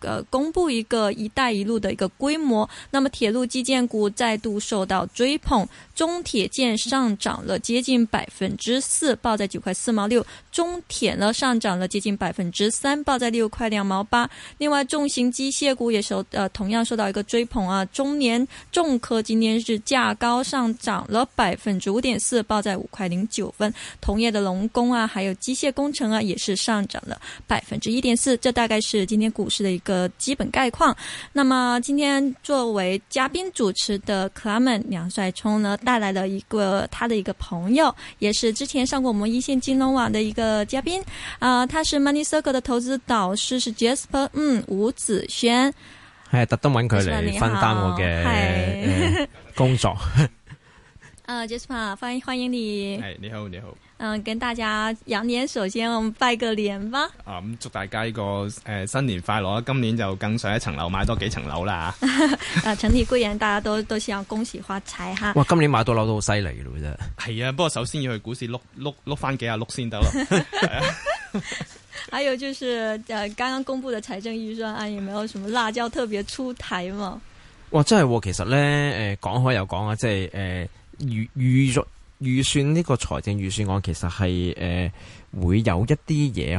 呃，公佈一個“一帶一路”的一個規模，那麼鐵路基建股再度受到追捧，中鐵建上漲了接近百分之四，報在九塊四毛六；中鐵呢上漲了接近百分之三，報在六塊兩毛八。另外，重型機械股也受呃同樣受到一個追捧啊，中聯重科今天是價高上漲了百分之五點四，報在五塊零九分；同業的龍工啊，還有機械工程啊，也是上漲了百分之一點四，這大概是今天股市的一個。個基本概況。那麼今天作為嘉賓主持的克拉門梁帥聰呢，帶來了一個他的一個朋友，也是之前上過我們一線金融網的一個嘉賓啊、呃，他是 Money Circle 的投資導師，是 Jasper，嗯，吳子軒，係特登揾佢嚟分擔我嘅工作。啊，Jasper 歡迎歡迎你，係你好你好。你好嗯，跟大家羊年首先我們拜個年吧。啊，咁祝大家呢個誒新年快樂啊！今年就更上一層樓，買多幾層樓啦吓。啊， 全體貴人，大家都都希望恭喜發財哈。哇，今年買多樓都好犀利噶，真係。係啊，不過首先要去股市碌碌碌翻幾下碌先得咯。 還有就是，誒，剛剛公布的財政預算案有沒有什麼辣椒特別出台嘛？哇，真係喎！其實咧，誒，講開又講啊，即係誒預預算。呃預算呢個財政預算案其實係誒、呃、會有一啲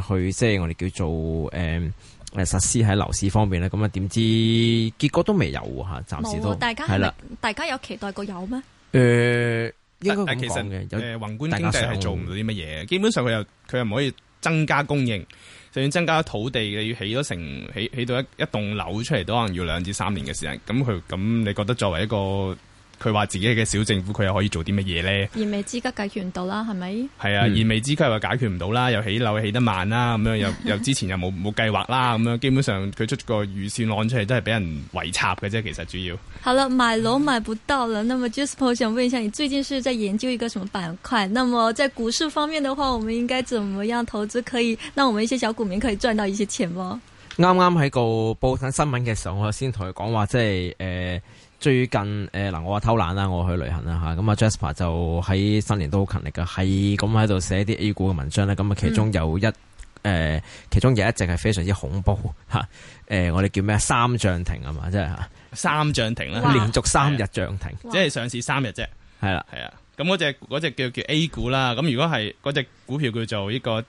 嘢去即係我哋叫做誒誒、呃、實施喺樓市方面咧，咁啊點知結果都未有吓、啊，暫時都係啦。大家有期待過有咩？誒、呃，應該咁講嘅。誒、呃，宏觀經濟係做唔到啲乜嘢？基本上佢又佢又唔可以增加供應，就算增加土地嘅要起咗成起起到一一棟樓出嚟，都可能要兩至三年嘅時間。咁佢咁你覺得作為一個？佢話自己嘅小政府，佢又可以做啲乜嘢咧？燃眉之急佢解決唔到啦，係咪？係啊，嗯、燃眉之急佢話解決唔到啦，又起樓起得慢啦，咁樣又又之前又冇冇計劃啦，咁樣 基本上佢出個預算案出嚟，都係俾人圍插嘅啫。其實主要，好啦，買樓買唔到啦，嗯、那麼 Jasper 想問一下，你最近是在研究一個什麼板塊？那麼在股市方面的話，我們應該怎麼樣投資可以，讓我們一些小股民可以賺到一些錢嗎？啱啱喺個報睇新聞嘅時候，我先同佢講話，即係誒。呃最近誒嗱、呃，我話偷懶啦，我去旅行啦咁啊，Jasper 就喺新年都好勤力㗎，係咁喺度寫啲 A 股嘅文章啦咁啊，其中有一誒、嗯呃，其中有一隻係非常之恐怖吓、啊呃、我哋叫咩三漲停係嘛，即係三漲停啦，哇 連續三日漲停，哇 即係上市三日啫。係啦哇 的，係啊。咁嗰隻嗰隻叫、那個、叫 A 股啦。咁如果係嗰隻股票叫做一、呢個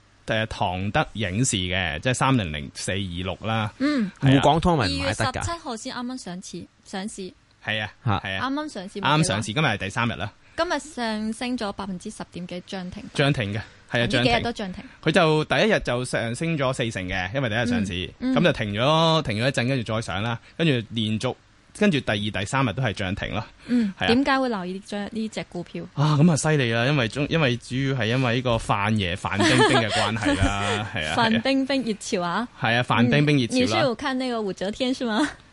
唐德影視嘅，即係三零零四二六啦。嗯，滬港通咪唔買得㗎。二月十七號先啱啱上市，上市。係啊，係啊，啱啱上市，啱啱上市，今日係第三日啦。今日上升咗百分之十點幾，漲停、啊、停，漲停嘅，係啊，漲停。幾日都漲停。佢就第一日就上升咗四成嘅，因為第一日上市，咁、嗯嗯、就停咗，停咗一陣，跟住再上啦，跟住連續，跟住第二、第三日都係漲停咯。嗯，點解、啊、會留意呢隻股票？啊，咁啊犀利啦，因為因為主要係因為呢個范爺范冰冰嘅關係啦，係啊。范冰冰熱潮啊！係啊，范冰冰熱潮啦。你需要看那個武則天是嗎？啊！你、呃哎，好，可惜，我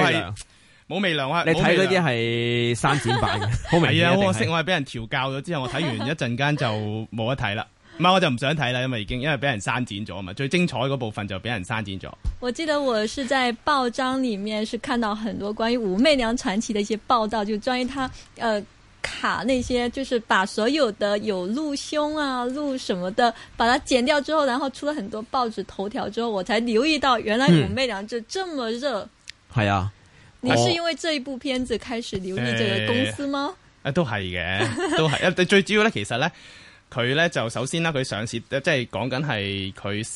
係冇微涼啊！你睇嗰啲係刪剪版嘅，係啊！好可惜，我係俾人調教咗之後，我睇完一陣間就冇得睇啦。唔係、 嗯、我就唔想睇啦，因為已經因為俾人刪剪咗啊嘛。最精彩嗰部分就俾人刪剪咗。我記得我是在報章裏面是看到很多關於武媚娘傳奇的一些報道，就關於他，誒、呃。卡那些就是把所有的有露胸啊、露什麼的，把它剪掉之後，然後出了很多報紙頭條之後，我才留意到原來武媚娘就這麼熱。係、嗯、啊，是啊，你是因為這一部片子開始留意這個公司嗎？啊、欸欸欸欸，都係嘅，都係啊。最最主要咧，其實咧。 佢呢就首先啦，佢上市即係講緊係佢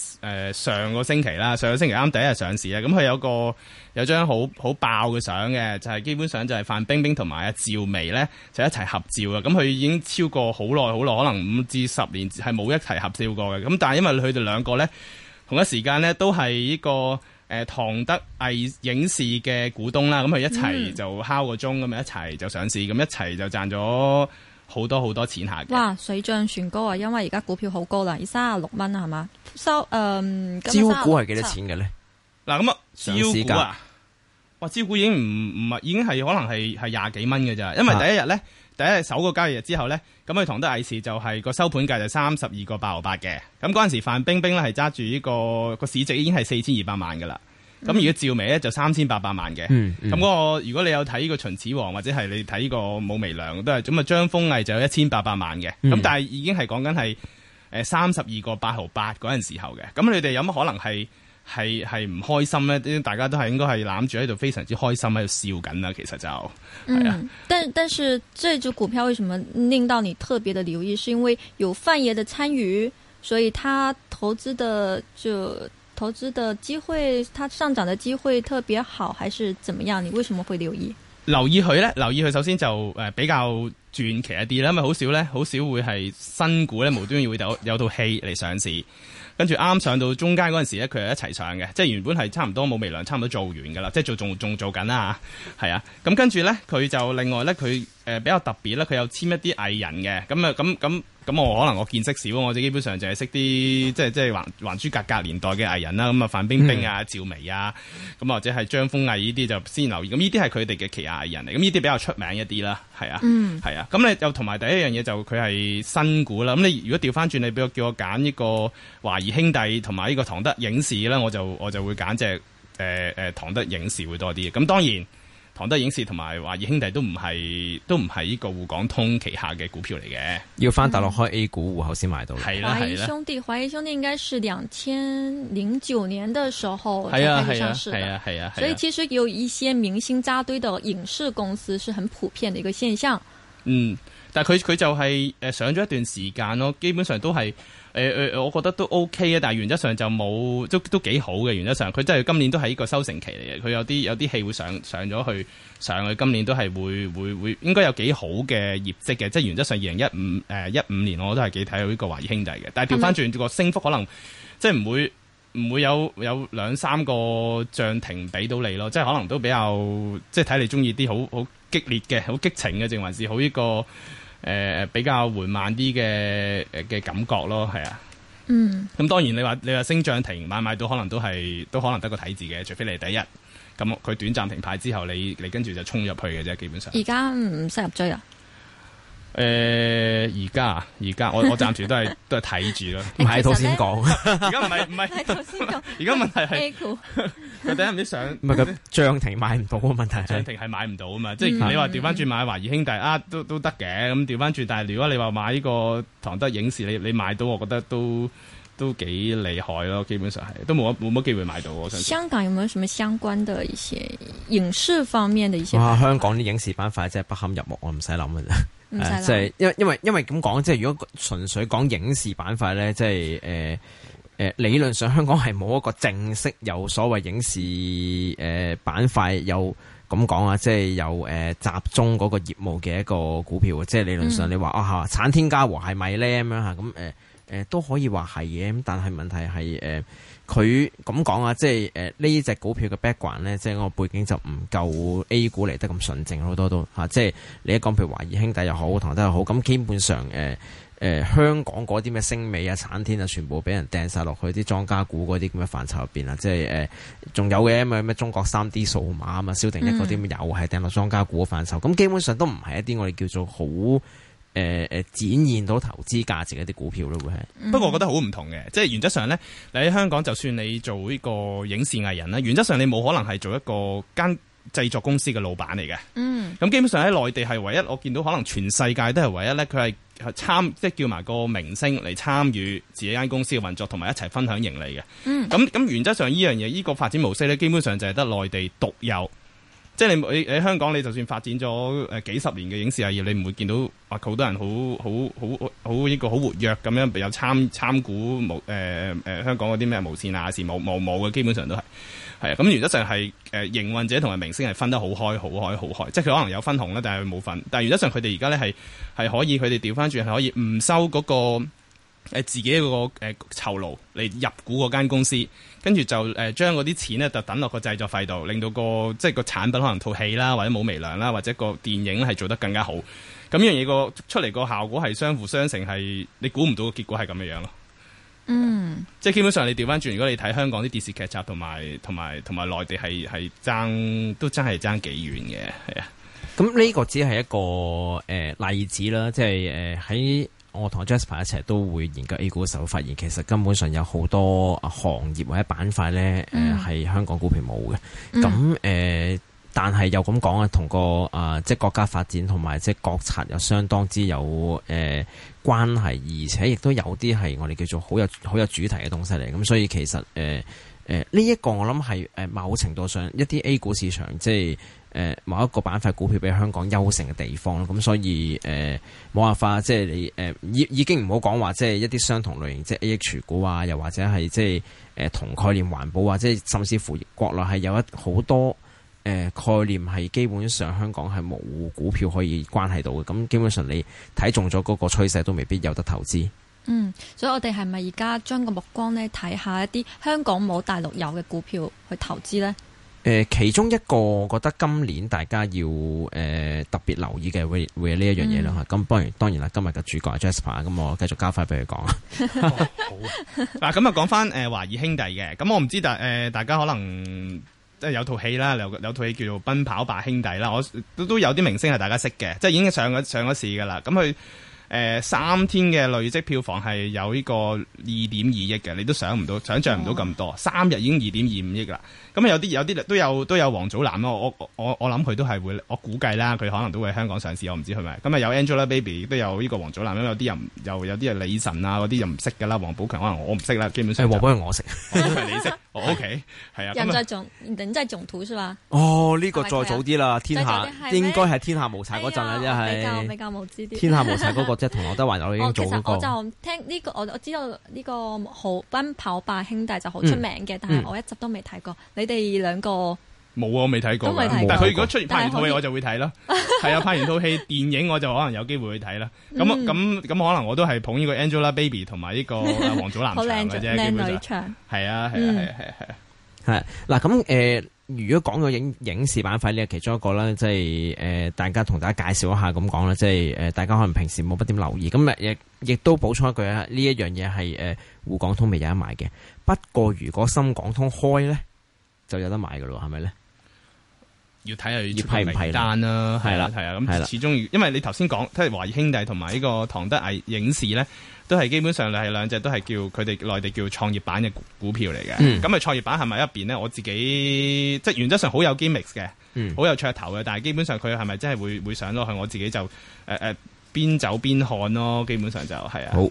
誒上個星期啦，上個星期啱啱第一日上市咧，咁佢有個有張好好爆嘅相嘅，就係、是、基本上就係范冰冰同埋啊趙薇呢就一齊合照嘅，咁佢已經超過好耐好耐，可能五至十年係冇一齊合照過嘅，咁但係因為佢哋兩個呢同一時間呢都係呢、這個誒、呃、唐德藝影視嘅股東啦，咁佢一齊就敲個鐘咁啊一齊就上市，咁一齊就賺咗。好多好多錢下嘅，哇！水漲船高啊，因為而家股票好高啦，三十六蚊啊，係嘛？收、so, 誒、呃，招股係幾多錢嘅咧？嗱，咁啊，招股啊，哇！招股已經唔唔係，已經係可能係係廿幾蚊嘅咋？因為第一日咧，啊、第一日首個交易日之後咧，咁啊，唐德影視就係個收盤價就三十二個八毫八嘅。咁嗰陣時，范冰冰咧係揸住呢個個市值已經係四千二百萬噶啦。咁如果趙薇咧就三千八百萬嘅，咁我、嗯嗯那個、如果你有睇呢個《秦始皇》或者係你睇呢個《武媚娘》，都係咁啊張豐毅就有一千八百萬嘅，咁、嗯、但係已經係講緊係三十二個八毫八嗰陣時候嘅，咁你哋有乜可能係係係唔開心咧？大家都係應該係攬住喺度非常之開心喺度笑緊啦，其實就係啊。嗯、但但是這隻股票為什麼令到你特別的留意？是因為有范爺的參與，所以他投資的就。投資的機會，它上漲的機會特別好，還是怎麼樣？你為什麼會留意？留意佢呢？留意佢首先就誒比較傳奇一啲啦，因為好少咧，好少會係新股呢無端端會有有套戲嚟上市，跟住啱上到中間嗰陣時咧，佢係一齊上嘅，即係原本係差唔多冇微量，差唔多做完噶啦，即係做仲仲做緊啦，係啊，咁、啊、跟住呢，佢就另外呢，佢誒比較特別啦，佢有簽一啲藝人嘅，咁啊咁咁。咁我可能我見識少，我就基本上就係識啲即係即係《還還珠格格》年代嘅藝人啦。咁啊，范冰冰啊、趙薇啊，咁或者係張豐毅呢啲就先留意。咁呢啲係佢哋嘅旗下藝人嚟，咁呢啲比較出名一啲啦。係啊，係啊。咁你又同埋第一樣嘢就佢係新股啦。咁你如果調返轉，你俾我叫我揀呢個華誼兄弟同埋呢個唐德影視啦，我就我就會揀即係誒誒唐德影視會多啲咁當然。廣德影視同埋華誼兄弟都唔係都唔係呢個滬港通旗下嘅股票嚟嘅，要翻大陸開 A 股戶、嗯、口先買到。係啦，華誼兄弟華誼兄弟應該係兩千零九年嘅時候就啊，開始上市。係啊係啊，所以其實有一些明星扎堆嘅影視公司是很普遍的一個現象。啊啊啊啊啊，嗯，但係佢佢就係誒上咗一段時間咯，基本上都係。欸欸、我覺得都 OK 啊，但原則上就冇，都都幾好嘅。原則上，佢真係今年都係一個收成期嚟嘅。佢有啲有啲戲會上上咗去，上去今年都係會會會應該有幾好嘅業績嘅。即係原則上 2015,、呃，二零一五誒一五年，我都係幾睇到呢個華誼兄弟嘅。但係調翻轉個升幅，可能即係唔會唔會有有兩三個漲停俾到你咯。即係可能都比較，即係睇你中意啲好好激烈嘅，好激情嘅，定還是好呢、這個。誒、呃、比較緩慢啲嘅誒嘅感覺咯，係啊。嗯。咁當然你話你話升漲停買買到可能都係都可能得個睇字嘅，除非你第一咁佢短暫停牌之後，你你跟住就衝入去嘅啫，基本上。而家唔適合追啊！誒，而家而家我我暫時都係 都係睇住咯。唔係，欸，頭先講，而家唔係唔係先講。而家 問題係佢第唔知上。唔係咁漲停買唔到個問題。漲停係買唔到啊嘛，嗯，即係你話調翻轉買華誼兄弟啊，都都得嘅。咁調翻轉，但係如果你話買呢個唐德影視，你你買到，我覺得都都幾厲害咯。基本上係都冇冇乜機會買到。我想講香港有冇有什麼相關的一些影視方面的一些？哇，啊，香港啲影視板塊真係不堪入目，我唔使諗嘅啫。誒，即係、啊就是，因為因為因為咁講，即係如果純粹講影視板塊咧，即係誒誒，理論上香港係冇一個正式有所謂影視誒板塊有咁講啊，即係、就是、有誒、呃、集中嗰個業務嘅一個股票，即、就、係、是、理論上你話、嗯、啊吓，橙天嘉禾係咪咧咁樣吓，咁誒誒都可以話係嘅，但係問題係誒。呃佢咁講啊，即係呢隻股票嘅 background 呢，即係我背景就唔夠 A 股嚟得咁純正，好多都即係，你一講譬如華誼兄弟又好，唐德又係好，咁基本上誒、呃呃、香港嗰啲咩星美啊、橙天啊，全部俾人掟晒落去啲莊家股嗰啲咁嘅範疇入邊啦，即係誒仲有嘅咩咩中國三 D 數碼啊嘛、蕭定一嗰啲有又係掟落莊家股範疇，咁、嗯、基本上都唔係一啲我哋叫做好。誒誒、呃呃，展現到投資價值嘅啲股票咯，會係。不過我覺得好唔同嘅，即係原則上呢，你喺香港就算你做呢個影視藝人啦，原則上你冇可能係做一個間製作公司嘅老闆嚟嘅。嗯。咁基本上喺內地係唯一，我見到可能全世界都係唯一呢，佢係參，即係叫埋個明星嚟參與自己間公司嘅運作，同埋一齊分享盈利嘅。咁咁、嗯，原則上呢樣嘢，呢、呢個發展模式呢，基本上就係得內地獨有。即係你喺香港，你就算發展咗、呃、幾十年嘅影視行業，而你唔會見到話好、呃、多人好好好好呢個好活躍咁樣，有參參股、呃呃、香港嗰啲咩無線、亞視、無無冇嘅，基本上都係係啊。咁原則上係誒、呃、營運者同埋明星係分得好開好開好開、開，即係佢可能有分紅啦，但係佢冇份。但係原則上佢哋而家咧係係可以佢哋調翻轉，係可以唔收嗰個。誒，自己嗰個誒酬勞嚟入股嗰間公司，跟住就誒將嗰啲錢咧就抌落個製作費度，令到個即係個產品可能套戲啦，或者冇微量啦，或者個電影咧係做得更加好。咁呢樣嘢個出嚟個效果係相輔相成，係你估唔到嘅結果係咁樣樣咯。嗯，即係基本上你調翻轉，如果你睇香港啲電視劇集同埋同埋同埋內地係係爭都真係爭幾遠嘅，係啊。咁呢個只係一個誒、呃、例子啦，即係誒喺。呃我同 Jasper 一齊都會研究 A 股嘅時候，發現其實根本上有好多行業或者板塊呢，誒係香港股票冇嘅。咁誒、嗯、呃，但係又咁講啊，同個啊、呃、即係國家發展同埋即係國策又相當之有誒、呃、關係，而且亦都有啲係我哋叫做好有好有主題嘅東西嚟。咁所以其實誒誒呢一個我諗係誒某程度上一啲 A 股市場即係。誒、呃，某一個板塊股票比香港優勝嘅地方，咁所以誒冇、呃、辦法，即係你誒已、呃、已經唔好講話，即係一啲相同類型，即係 A 股、H 股啊，又或者係即係誒、呃、同概念環保啊，即係甚至乎國內係有一好多誒、呃、概念係基本上香港係冇股票可以關係到嘅，咁基本上你睇中咗嗰個趨勢都未必有得投資。嗯，所以我哋係咪而家將個目光呢，睇下一啲香港冇大陸有嘅股票去投資呢？誒，其中一個覺得今年大家要誒特別留意嘅會會呢一樣嘢啦。吓咁、嗯，不如當然啦，今日嘅主角係 Jasper，咁我繼續交翻俾佢講。好嗱，咁啊、嗯，講翻誒華誼兄弟嘅。咁、嗯、我唔知，但、呃、誒大家可能即係、呃、有套戲啦，有套戲叫做《奔跑吧兄弟》啦。我都都有啲明星係大家識嘅，即係已經上咗上咗市噶啦。咁佢誒三天嘅累積票房係有呢個二點二億嘅，你都想唔到，想象唔到咁多。哦、三日已經二點二五億啦。咁、嗯、有啲有啲都有都有王祖藍啦。我我我我諗佢都係會，我估計啦，佢可能都會喺香港上市，我唔知佢咪。咁啊，有 Angelababy，都有呢個王祖藍啦。有啲人又有啲啊，李晨啊嗰啲就唔識噶啦。王寶強可能我唔識啦，基本上係王寶強我，我，識，我識，你識、 哦。O K，係啊。嗯、人在囧， 人真係囧途是嘛？吧哦，呢、這個再早啲啦，天下應該係天下無賊嗰陣啦，真係、哎、比較比較冇知 天下無賊嗰、那個即係劉德華又已經做嗰、那個哦、我就聽呢、這個我我知道呢、這個好奔跑吧兄弟就好出名嘅，嗯、但係我一直都未睇過。你哋兩個冇啊，我未睇過。但係佢如果出現拍完套戲，我就會睇啦。係啊，拍完套戲電影，我就可能有機會去睇啦。咁咁咁，可能我都係捧呢個 Angelababy 同埋呢個王祖藍唱嘅啫。基本上係啊，係啊，係係係係嗱。咁誒，如果講到影影視板塊咧，其中一個啦，即係誒，大家同大家介紹一下咁講啦，即係誒，大家可能平時冇乜點留意咁啊，亦亦都補充一句啊，呢一樣嘢係誒滬港通未有得買嘅。不過如果深港通開咧，就有得買噶咯，係咪咧？要睇下要批咪批單啦，係啦，係啊，咁始終因為你頭先講，即係華誼兄弟同埋呢個唐德藝影視咧，都係基本上係兩隻都係叫佢哋內地叫創業板嘅股票嚟嘅。咁啊、嗯，創業板係咪入邊咧？我自己即係原則上好有 gimmicks 嘅、嗯，好有噱頭嘅，但係基本上佢係咪真係會會上咯？去，我自己就誒誒邊走邊看咯。基本上就係啊。是好。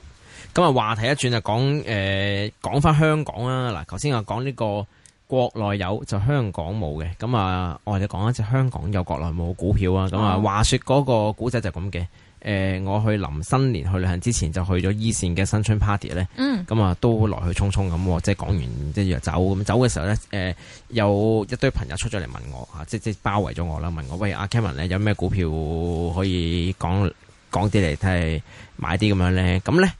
咁啊，話題一轉就講誒，講、呃，翻香港啦。嗱，頭先我講呢個。國內有就香港冇嘅，咁啊，我哋講一隻香港有、國內冇股票啊，咁啊，哦、話說嗰個古仔就咁嘅，誒、呃，我去臨新年去旅行之前就去咗伊線嘅新春 party 咧，咁啊、嗯，都來去匆匆咁，即係講完即係、就是、走，咁走嘅時候咧，誒、呃，有一堆朋友出咗嚟問我，即係即係包圍咗我啦，問我，喂，阿 Kevin 咧，Cameron，有咩股票可以講講啲嚟睇，買啲咁樣咧，咁咧，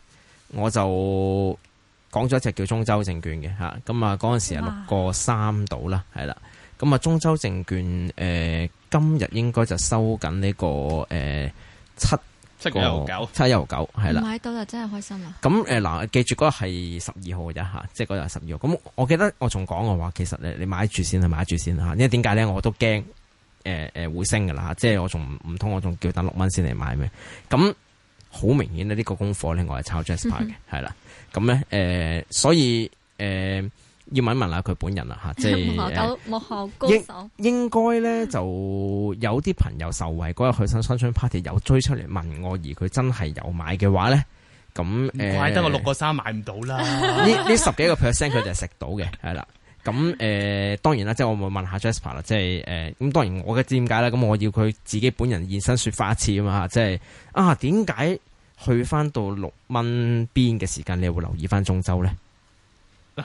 我就。講咗一隻叫中州證券嘅吓，咁啊嗰陣時係六個三到啦，係啦哇，咁啊中州證券誒、呃、今日應該就收緊呢、這個誒、呃、七個七九七九七九九係啦，買到就真係開心啊！咁誒嗱，記住嗰日係十二號咋吓，即係嗰日係十二號。咁我記得我仲講嘅話，其實你你買住先，係買住先吓。因為點解咧，我都驚誒誒會升噶啦吓，即係我仲，唔通我仲要等六蚊先嚟買咩？咁好明顯咧，呢、這個功課咧，我係炒 Jasper 嘅，係啦、嗯哼。咁咧，誒、嗯，所以，誒、嗯，要問一問下佢本人啦，吓，即係幕後幕後高手，應該咧就有啲朋友受惠，嗰日去新新春 party 有追出嚟問我，而佢真係有買嘅話咧，咁、嗯，怪得我六個三買唔到啦，呢呢 十幾個 percent 佢就係食到嘅，係啦， 咁、嗯、誒、嗯，當然啦，即係我咪問下 Jasper 啦，即、嗯、係，誒，咁當然我梗知點解啦，咁我要佢自己本人現身說法一次啊嘛，即係，啊，點解？去翻到六蚊邊嘅時間，你會留意翻中州呢？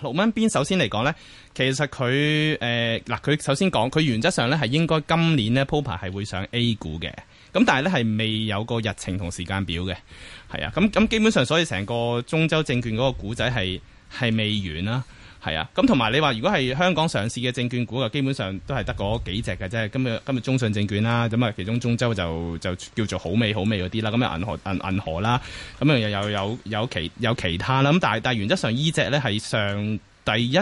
六蚊邊首先嚟講呢，其實佢誒嗱，佢、呃、首先講，佢原則上呢係應該今年鋪排係會上 A 股嘅，咁但係呢，係未有個日程同時間表嘅，係啊，咁咁基本上所以成個中州證券嗰個股仔係係未完啦。係啊，咁同埋你話如果係香港上市嘅證券股嘅，基本上都係得嗰幾隻嘅啫。今日今日中信證券啦，咁啊，其中中州就就叫做好味好味嗰啲啦。咁啊，銀河銀銀河啦，咁啊又又有有，有其有其他啦。咁但係但係原則上呢隻咧係上第一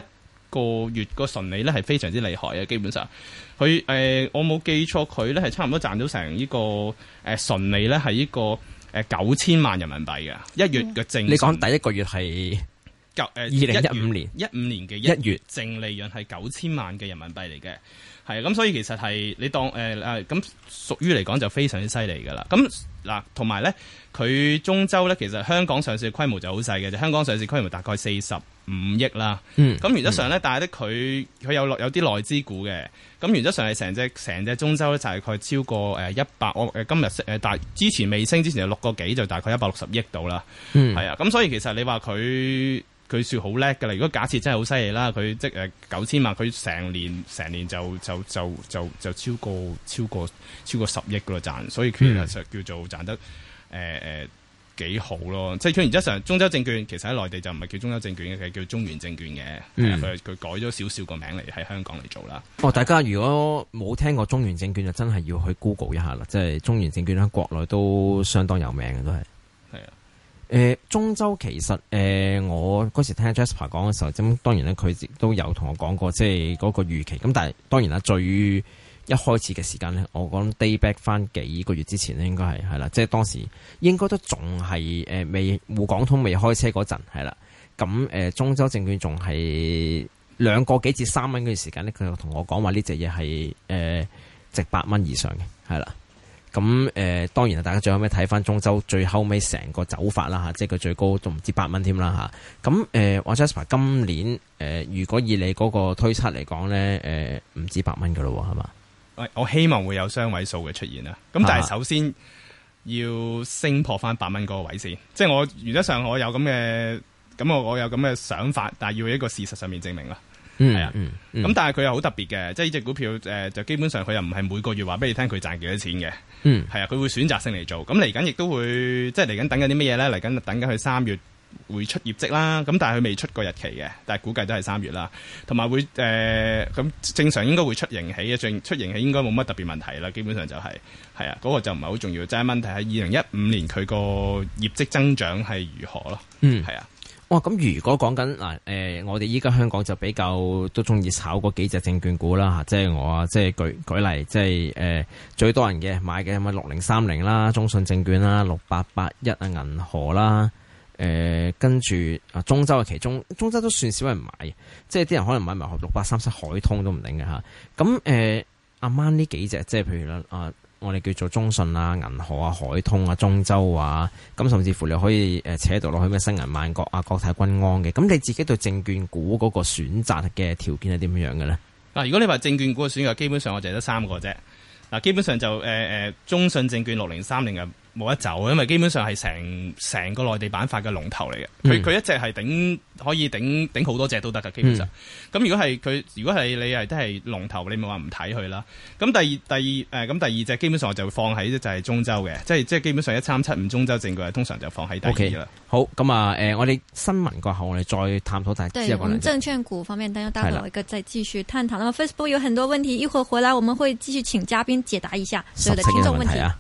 個月個純利咧係非常之厲害嘅。基本上，佢誒、呃、我冇記錯，佢咧係差唔多賺到成呢個誒純、呃、利咧係呢個誒九千萬人民幣嘅一月嘅淨、嗯。你講第一個月係？二零一五年，一五年嘅一月淨利潤係九千萬嘅人民幣嚟嘅。係咁，所以其實係你當誒咁、呃、屬於嚟講就非常之犀利噶啦。咁嗱，同埋咧，佢中州咧，其實香港上市嘅規模就好細嘅，就香港上市規模大概四十五億啦。咁、嗯、原則上咧，嗯、但係咧佢佢有有啲內資股嘅，咁原則上係成隻成隻中州咧，就係大概超過誒一百，我、呃哦、今日誒大之前未升之前就六個幾，就大概一百六十億度啦。係啊、嗯，咁所以其實你話佢佢算好叻㗎啦。如果假設真係好犀利啦，佢即誒九千萬，佢成年成年就就。就就就就超過超過超過十億噶咯賺，所以其實就叫做賺得誒誒幾好咯，即係佢而之，實中州證券其實喺內地就唔係叫中州證券嘅，佢叫中原證券嘅，佢佢、嗯、改咗少少個名嚟喺香港嚟做啦。哦，大家如果冇聽過中原證券，就真係要去 Google 一下啦，即係中原證券喺國內都相當有名嘅，都係。誒、呃、中州其實誒、呃、我嗰時聽 Jasper 講嘅時候，咁當然咧佢亦都有同我講過，即係嗰個預期。咁但係當然啦，最一開始嘅時間咧，我講 day back 翻幾個月之前咧，應該係係啦，即係當時應該都仲係誒未，滬、呃、港通未開車嗰陣係啦。咁誒、呃、中州證券仲係兩個幾至三蚊嗰段時間咧，佢就同我講話呢隻嘢係誒值八蚊以上嘅，係啦。咁誒、呃、當然大家最後尾睇翻中州，最後尾成個走法啦嚇、啊，即係佢最高都唔止八蚊添啦嚇。咁、啊、誒，阿、呃、Jasper 今年誒、呃，如果以你嗰個推測嚟講咧，誒、呃、唔止八蚊噶咯，係嘛？喂，我希望會有雙位數嘅出現啦。咁但係首先要升破翻八蚊嗰個位先，即係我原則上我有咁嘅，咁我我有咁嘅想法，但係要一個事實上面證明啦。啊、嗯、係、嗯、啊，咁但係佢又好特別嘅，即係呢隻股票，誒、呃，就基本上佢又唔係每個月話俾你聽佢賺幾多錢嘅，嗯，係啊，佢會選擇性嚟做，咁嚟緊亦都會，即係嚟緊等緊啲乜嘢咧？嚟緊等緊佢三月會出業績啦，咁但係佢未出過日期嘅，但係估計都係三月啦，同埋會誒，咁、呃、正常應該會出盈喜嘅，出盈喜應該冇乜特別問題啦，基本上就係、是，係啊，嗰、那個就唔係好重要，係、就是、問題係二零一五年佢個業績增長係如何咯，嗯，係啊。咁、哦、如果講緊嗱，誒、呃，我哋依家香港就比較都中意炒嗰幾隻證券股啦吓，即係我啊，即係舉舉例，即係誒、呃、最多人嘅買嘅，係咪六零三零啦、中信證券啦、六八八一啊、銀河啦，誒跟住啊中州，其中中州都算少人買，即係啲人可能買埋六八三七海通都唔定嘅吓。咁誒、呃，阿媽呢幾隻，即係譬如啦啊。呃我哋叫做中信啊、銀河啊、海通啊、中州啊，咁甚至乎你可以扯到落去咩？申銀萬國啊、國泰君安嘅，咁你自己對證券股嗰個選擇嘅條件係點樣嘅咧？嗱，如果你話證券股嘅選擇，基本上我就係得三個啫。嗱，基本上就、呃、中信證券六零三零嘅。冇得走，因為基本上係成成個內地板塊嘅龍頭嚟嘅，佢佢、嗯、一隻係頂，可以頂頂好多隻都得㗎。基本上，咁、嗯、如果係佢，如果係你係都係龍頭，你咪話唔睇佢啦。咁第二第二誒，咁、呃、第二隻基本上就放喺就係、是、中州嘅，即係即係基本上一三七五中州證券通常就放喺第二啦。Okay, 好，咁啊，誒，我哋新聞過後我哋再探討大家知啊。對，我們,新聞過後我們再探討證券股方面，等一等我一個再繼續探討啦。了 Facebook 有很多問題，一會回來我們會繼續請嘉賓解答一下所有嘅聽眾問題啊。